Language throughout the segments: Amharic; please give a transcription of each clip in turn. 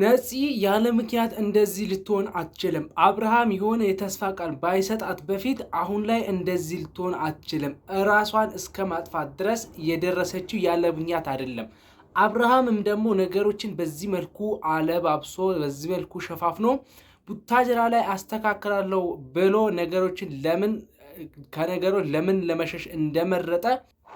ነፂ ያለ ምክንያት እንደዚህ ልትሆን አትችልም። አብርሃም የሆነ የተስፋ ቃል ባይሰጣት በፊት አሁን ላይ እንደዚህ ልትሆን አትችልም። እራሷን እስከ ማጥፋት ድረስ የደረሰችው ያለ ምክንያት አይደለም። አብርሃምም ደግሞ ነገሮችን በዚህ መልኩ አለባብሶ በዚህ መልኩ ሸፋፍኖ ቡታጀራ ላይ አስተካክላለሁ ብሎ ነገሮችን ለምን ከነገሮች ለምን ለመሸሽ እንደመረጠ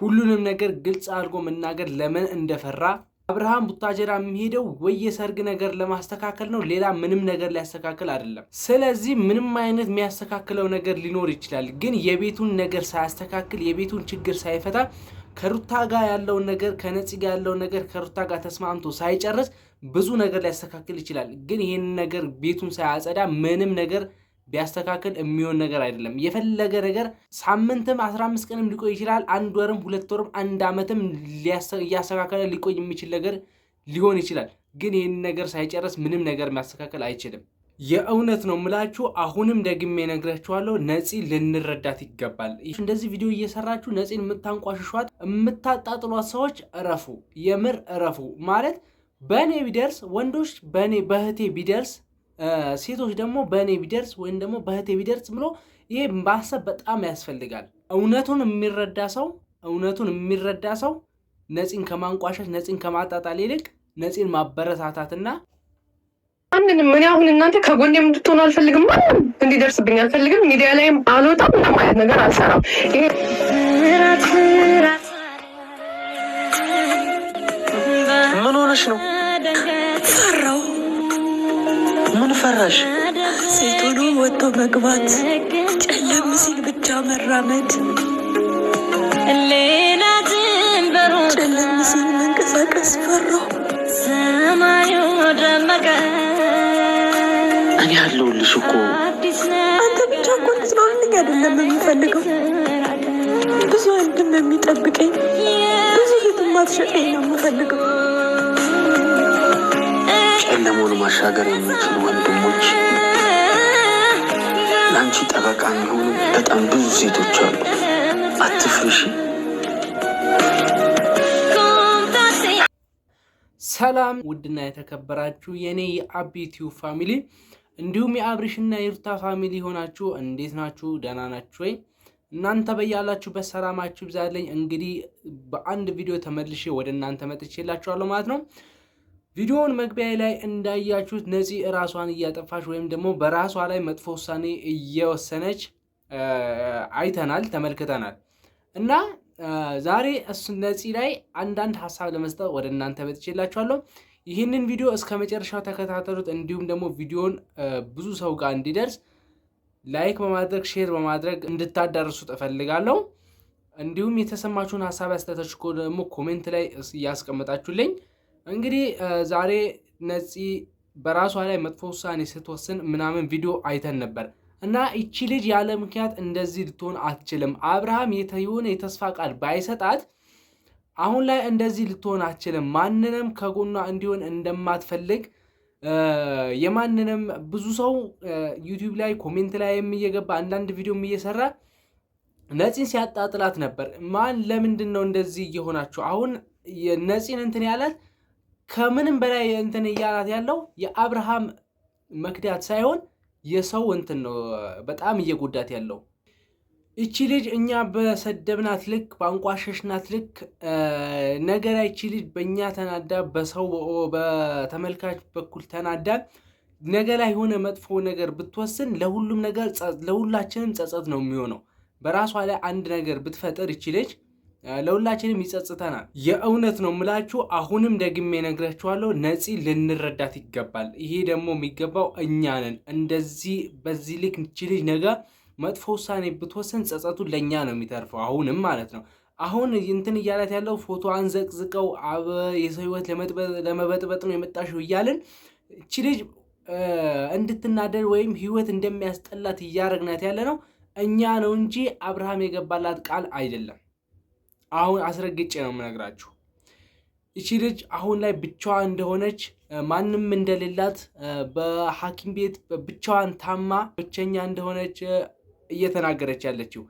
ሁሉንም ነገር ግልጽ አድርጎ መናገር ለምን እንደፈራ አብርሃም ቡታጀራ የሚሄደው ወይ የሰርግ ነገር ለማስተካከል ነው፣ ሌላ ምንም ነገር ሊያስተካክል አይደለም። ስለዚህ ምንም አይነት የሚያስተካክለው ነገር ሊኖር ይችላል፣ ግን የቤቱን ነገር ሳያስተካክል የቤቱን ችግር ሳይፈታ ከሩታ ጋር ያለውን ነገር ከነፂ ጋር ያለውን ነገር ከሩታ ጋር ተስማምቶ ሳይጨርስ ብዙ ነገር ሊያስተካክል ይችላል፣ ግን ይህን ነገር ቤቱን ሳያጸዳ ምንም ነገር ቢያስተካክል የሚሆን ነገር አይደለም። የፈለገ ነገር ሳምንትም አስራ አምስት ቀንም ሊቆይ ይችላል። አንድ ወርም ሁለት ወርም አንድ ዓመትም እያስተካከለ ሊቆይ የሚችል ነገር ሊሆን ይችላል። ግን ይህን ነገር ሳይጨርስ ምንም ነገር ማስተካከል አይችልም። የእውነት ነው ምላችሁ። አሁንም ደግሜ ነግራችኋለሁ፣ ነፂ ልንረዳት ይገባል። እንደዚህ ቪዲዮ እየሰራችሁ ነፂን የምታንቋሽሿት የምታጣጥሏት ሰዎች እረፉ፣ የምር እረፉ። ማለት በእኔ ቢደርስ ወንዶች በእኔ በእህቴ ቢደርስ ሴቶች ደግሞ በእኔ ቢደርስ ወይም ደግሞ በእህቴ ቢደርስ ብሎ ይሄ ማሰብ በጣም ያስፈልጋል። እውነቱን የሚረዳ ሰው እውነቱን የሚረዳ ሰው ነፂን ከማንቋሸሽ ነፂን ከማጣጣል ይልቅ ነፂን ማበረታታትና አንድን ምን አሁን እናንተ ከጎን የምትሆኑ አልፈልግም፣ ማንም እንዲደርስብኝ አልፈልግም። ሚዲያ ላይም አልወጣም፣ ምንም አይነት ነገር አልሰራም። ምን ሆነሽ ነው? ፈራሁ ፈራሽ? ሴት ሆኖ ወጥቶ መግባት፣ ጨለም ሲል ብቻ መራመድ፣ ጨለም ሲል መንቀሳቀስ ፈራሁ። እኔ ያለሁልሽ እኮ አንተ ብቻ እኮ ልትኖርልኝ አይደለም የምፈልገው ብዙ ወንድም የሚጠብቀኝ ብዙ የትማት ሸቀኝ ነው የምፈልገው ጨለማውን ማሻገር የሚችሉ ወንድሞች ለአንቺ ጠበቃ የሚሆኑ በጣም ብዙ ሴቶች አሉ። አትፍርሽ። ሰላም ውድና የተከበራችሁ የኔ የአቢቲዩ ፋሚሊ እንዲሁም የአብሪሽና የሩታ ፋሚሊ ሆናችሁ እንዴት ናችሁ? ደህና ናችሁ ወይ? እናንተ በያላችሁ ሰላማችሁ ብዛለኝ። እንግዲህ በአንድ ቪዲዮ ተመልሼ ወደ እናንተ መጥቼላችኋለሁ ማለት ነው። ቪዲዮውን መግቢያ ላይ እንዳያችሁት ነፂ ራሷን እያጠፋች ወይም ደግሞ በራሷ ላይ መጥፎ ውሳኔ እየወሰነች አይተናል፣ ተመልክተናል እና ዛሬ እሱ ነፂ ላይ አንዳንድ ሀሳብ ለመስጠት ወደ እናንተ በትችላችኋለሁ። ይህንን ቪዲዮ እስከ መጨረሻው ተከታተሉት። እንዲሁም ደግሞ ቪዲዮን ብዙ ሰው ጋር እንዲደርስ ላይክ በማድረግ ሼር በማድረግ እንድታዳርሱት እፈልጋለሁ። እንዲሁም የተሰማችሁን ሀሳብ ያስተታችሁ ደግሞ ኮሜንት ላይ እያስቀመጣችሁልኝ እንግዲህ ዛሬ ነፂ በራሷ ላይ መጥፎ ውሳኔ ስትወስን ምናምን ቪዲዮ አይተን ነበር እና ይቺ ልጅ ያለ ምክንያት እንደዚህ ልትሆን አትችልም። አብርሃም የሆነ የተስፋ ቃል ባይሰጣት አሁን ላይ እንደዚህ ልትሆን አትችልም። ማንንም ከጎኗ እንዲሆን እንደማትፈልግ የማንንም ብዙ ሰው ዩቲዩብ ላይ ኮሜንት ላይ የሚየገባ አንዳንድ ቪዲዮም እየሰራ ነፂን ሲያጣጥላት ነበር። ማን ለምንድን ነው እንደዚህ እየሆናችሁ አሁን ነፂን እንትን ያላት ከምንም በላይ እንትን እያላት ያለው የአብርሃም መክዳት ሳይሆን የሰው እንትን ነው በጣም እየጎዳት ያለው። እቺ ልጅ እኛ በሰደብናት ልክ በአንቋሸሽናት ልክ ነገራ ይቺ ልጅ በእኛ ተናዳ በሰው በተመልካች በኩል ተናዳ ነገ ላይ የሆነ መጥፎ ነገር ብትወስን ለሁሉም ነገር ለሁላችንም ጸጸት ነው የሚሆነው። በራሷ ላይ አንድ ነገር ብትፈጥር እቺ ልጅ ለሁላችንም ይጸጽተናል። የእውነት ነው ምላችሁ። አሁንም ደግሜ ነግራችኋለሁ፣ ነፂ ልንረዳት ይገባል። ይሄ ደግሞ የሚገባው እኛ ነን። እንደዚህ በዚህ ልክ ይቺ ልጅ ነገ መጥፎ ውሳኔ ብትወሰን ጸጸቱ ለእኛ ነው የሚተርፈው። አሁንም ማለት ነው አሁን እንትን እያላት ያለው ፎቶ አንዘቅዝቀው አበ የሰው ህይወት ለመበጥበጥ ነው የመጣሽው እያልን እቺ ልጅ እንድትናደድ ወይም ህይወት እንደሚያስጠላት እያረግናት ያለ ነው እኛ ነው እንጂ አብርሃም የገባላት ቃል አይደለም። አሁን አስረግጬ ነው የምነግራችሁ። ይቺ ልጅ አሁን ላይ ብቻዋ እንደሆነች ማንም እንደሌላት በሐኪም ቤት ብቻዋን ታማ ብቸኛ እንደሆነች እየተናገረች ያለችው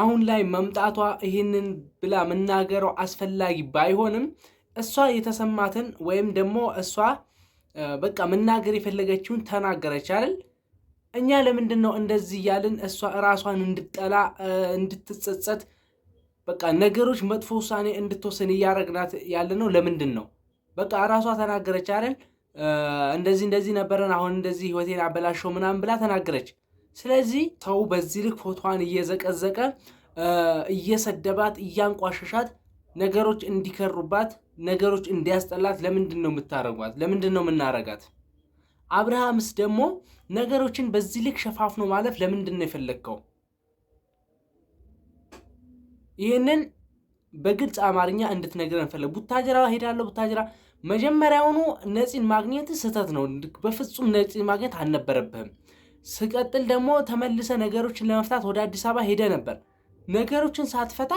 አሁን ላይ መምጣቷ ይህንን ብላ መናገረው አስፈላጊ ባይሆንም እሷ የተሰማትን ወይም ደግሞ እሷ በቃ መናገር የፈለገችውን ተናገረች አይደል? እኛ ለምንድን ነው እንደዚህ እያልን እሷ እራሷን እንድጠላ እንድትጸጸት ነገሮች መጥፎ ውሳኔ እንድትወስን እያደረግናት ያለ ነው። ለምንድን ነው በቃ እራሷ ተናገረች አይደል? እንደዚህ እንደዚህ ነበረን፣ አሁን እንደዚህ ህይወቴን አበላሸው ምናምን ብላ ተናገረች። ስለዚህ ሰው በዚህ ልክ ፎቶዋን እየዘቀዘቀ እየሰደባት እያንቋሸሻት ነገሮች እንዲከሩባት ነገሮች እንዲያስጠላት ለምንድን ነው የምታረጓት? ለምንድን ነው የምናረጋት? አብርሃምስ ደግሞ ነገሮችን በዚህ ልክ ሸፋፍኖ ማለፍ ለምንድን ነው የፈለግከው? ይህንን በግልጽ አማርኛ እንድትነግረን እንፈለግ። ቡታጅራ ሄዳለሁ ቡታጅራ መጀመሪያውኑ ነፂን ማግኘት ስህተት ነው። በፍጹም ነፂን ማግኘት አልነበረብህም። ስቀጥል ደግሞ ተመልሰ ነገሮችን ለመፍታት ወደ አዲስ አበባ ሄደ ነበር። ነገሮችን ሳትፈታ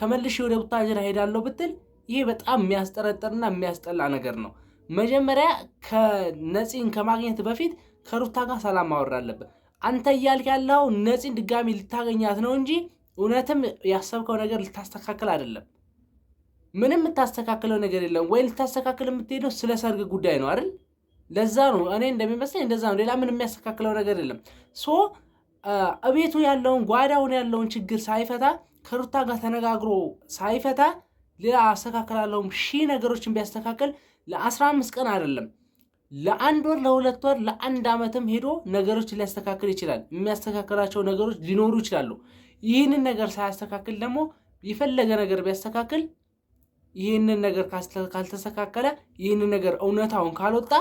ተመልሼ ወደ ቡታጅራ ሄዳለሁ ብትል ይሄ በጣም የሚያስጠረጥርና የሚያስጠላ ነገር ነው። መጀመሪያ ከነፂን ከማግኘት በፊት ከሩታ ጋር ሰላም ማወር አለብን አንተ እያልክ ያለው ነፂን ድጋሚ ልታገኛት ነው እንጂ እውነትም ያሰብከው ነገር ልታስተካከል አይደለም። ምንም የምታስተካክለው ነገር የለም። ወይ ልታስተካክል የምትሄደው ስለ ሰርግ ጉዳይ ነው አይደል? ለዛ ነው እኔ እንደሚመስለኝ እንደዛ ነው። ሌላ ምን የሚያስተካክለው ነገር የለም። ሶ እቤቱ ያለውን ጓዳውን ያለውን ችግር ሳይፈታ ከሩታ ጋር ተነጋግሮ ሳይፈታ ሌላ አስተካክላለሁም ሺህ ነገሮችን ቢያስተካከል ለአስራ አምስት ቀን አይደለም ለአንድ ወር ለሁለት ወር ለአንድ ዓመትም ሄዶ ነገሮችን ሊያስተካክል ይችላል። የሚያስተካክላቸው ነገሮች ሊኖሩ ይችላሉ። ይህንን ነገር ሳያስተካክል ደግሞ የፈለገ ነገር ቢያስተካክል ይህንን ነገር ካልተስተካከለ ይህንን ነገር እውነታውን ካልወጣ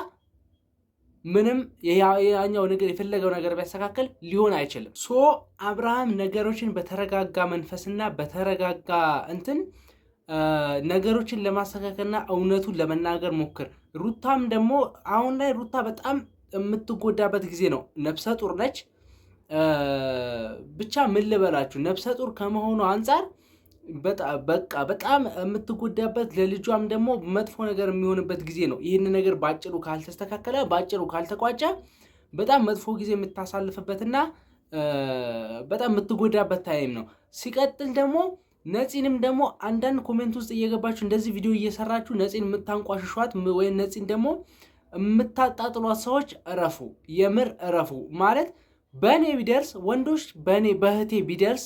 ምንም ያኛው ነገር የፈለገው ነገር ቢያስተካከል ሊሆን አይችልም። ሶ አብርሃም ነገሮችን በተረጋጋ መንፈስና በተረጋጋ እንትን ነገሮችን ለማስተካከልና እውነቱን ለመናገር ሞክር። ሩታም ደግሞ አሁን ላይ ሩታ በጣም የምትጎዳበት ጊዜ ነው። ነፍሰ ጡር ነች። ብቻ ምን ልበላችሁ ነፍሰ ጡር ከመሆኑ አንጻር በቃ በጣም የምትጎዳበት ለልጇም ደግሞ መጥፎ ነገር የሚሆንበት ጊዜ ነው። ይህን ነገር በአጭሩ ካልተስተካከለ በአጭሩ ካልተቋጨ በጣም መጥፎ ጊዜ የምታሳልፍበትና በጣም የምትጎዳበት ታይም ነው። ሲቀጥል ደግሞ ነፂንም ደግሞ አንዳንድ ኮሜንት ውስጥ እየገባችሁ እንደዚህ ቪዲዮ እየሰራችሁ ነፂን የምታንቋሽሿት ወይም ነፂን ደግሞ የምታጣጥሏት ሰዎች እረፉ፣ የምር እረፉ ማለት በእኔ ቢደርስ ወንዶች በእኔ በእህቴ ቢደርስ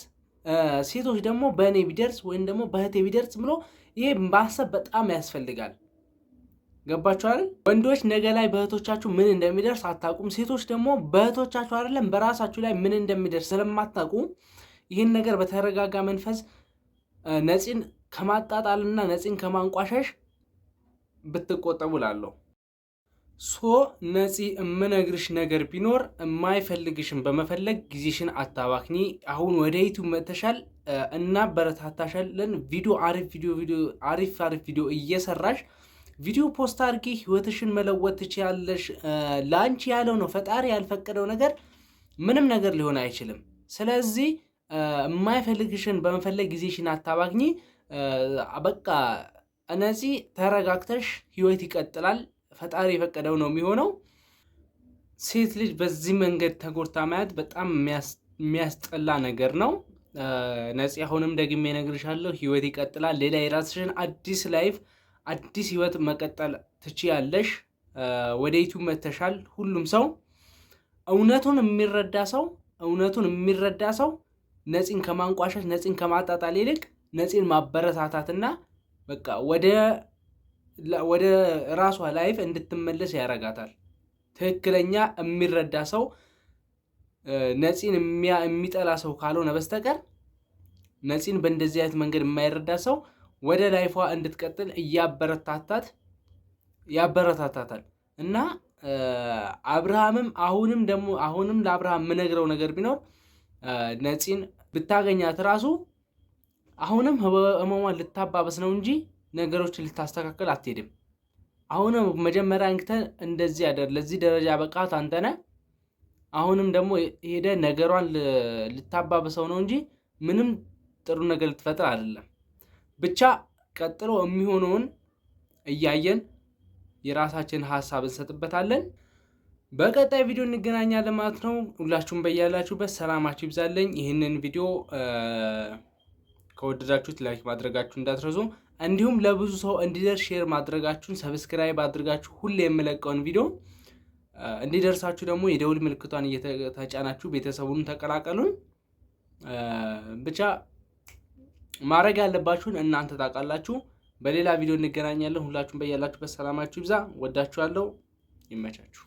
ሴቶች ደግሞ በእኔ ቢደርስ ወይም ደግሞ በእህቴ ቢደርስ ብሎ ይሄ ማሰብ በጣም ያስፈልጋል። ገባችሁ ወንዶች ነገ ላይ በእህቶቻችሁ ምን እንደሚደርስ አታውቁም። ሴቶች ደግሞ በእህቶቻችሁ አይደለም በራሳችሁ ላይ ምን እንደሚደርስ ስለማታውቁ ይህን ነገር በተረጋጋ መንፈስ ነፂን ከማጣጣልና ነፂን ከማንቋሸሽ ብትቆጠቡ ላለሁ ሶ ነፂ የምነግርሽ ነገር ቢኖር የማይፈልግሽን በመፈለግ ጊዜሽን አታባክኒ። አሁን ወደ ዩቱብ መጥተሻል እና በረታታሻለን። ቪዲዮ አሪፍ ቪዲዮ አሪፍ አሪፍ ቪዲዮ እየሰራሽ ቪዲዮ ፖስት አድርጊ። ህይወትሽን መለወጥ ትችያለሽ። ለአንቺ ያለው ነው። ፈጣሪ ያልፈቀደው ነገር ምንም ነገር ሊሆን አይችልም። ስለዚህ የማይፈልግሽን በመፈለግ ጊዜሽን አታባክኒ። በቃ ነፂ ተረጋግተሽ ህይወት ይቀጥላል። ፈጣሪ የፈቀደው ነው የሚሆነው። ሴት ልጅ በዚህ መንገድ ተጎድታ ማየት በጣም የሚያስጠላ ነገር ነው። ነፂ አሁንም ደግሜ እነግርሻለሁ፣ ህይወት ይቀጥላል። ሌላ የራስሽን አዲስ ላይፍ አዲስ ህይወት መቀጠል ትችያለሽ። ወደ ዩቱብ መተሻል። ሁሉም ሰው እውነቱን የሚረዳ ሰው እውነቱን የሚረዳ ሰው ነፂን ከማንቋሸሽ ነፂን ከማጣጣል ይልቅ ነፂን ማበረታታትና በቃ ወደ ወደ ራሷ ላይፍ እንድትመለስ ያረጋታል። ትክክለኛ የሚረዳ ሰው ነፂን የሚጠላ ሰው ካልሆነ በስተቀር ነፂን በእንደዚህ አይነት መንገድ የማይረዳ ሰው ወደ ላይፏ እንድትቀጥል እያበረታታት ያበረታታታል እና አብርሃምም አሁንም ደግሞ አሁንም ለአብርሃም የምነግረው ነገር ቢኖር ነፂን ብታገኛት ራሱ አሁንም ህመሟን ልታባበስ ነው እንጂ ነገሮችን ልታስተካከል አትሄድም። አሁንም መጀመሪያ አንተ እንደዚህ ያደር ለዚህ ደረጃ በቃት አንተነ አሁንም ደግሞ ሄደ ነገሯን ልታባብሰው ነው እንጂ ምንም ጥሩ ነገር ልትፈጥር አይደለም። ብቻ ቀጥሎ የሚሆነውን እያየን የራሳችን ሀሳብ እንሰጥበታለን። በቀጣይ ቪዲዮ እንገናኛለን ማለት ነው። ሁላችሁም በያላችሁበት ሰላማችሁ ይብዛለኝ። ይህንን ቪዲዮ ከወደዳችሁት ላይክ ማድረጋችሁ እንዳትረሱ። እንዲሁም ለብዙ ሰው እንዲደርስ ሼር ማድረጋችሁን ሰብስክራይብ አድርጋችሁ ሁሌ የምለቀውን ቪዲዮ እንዲደርሳችሁ ደግሞ የደውል ምልክቷን እየተጫናችሁ ቤተሰቡን ተቀላቀሉን። ብቻ ማድረግ ያለባችሁን እናንተ ታውቃላችሁ። በሌላ ቪዲዮ እንገናኛለን። ሁላችሁም በያላችሁበት ሰላማችሁ ይብዛ። ወዳችኋለሁ። ይመቻችሁ።